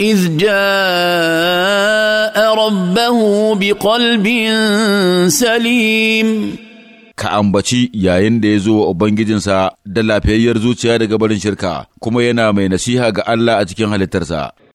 إذ جاء ربه بقلب سليم ka ambaci yayin da ya zo wa Ubangijinsa da lafiyayyar zuciya daga barin shirka, kuma yana mai nasiha ga Allah a cikin halittarsa.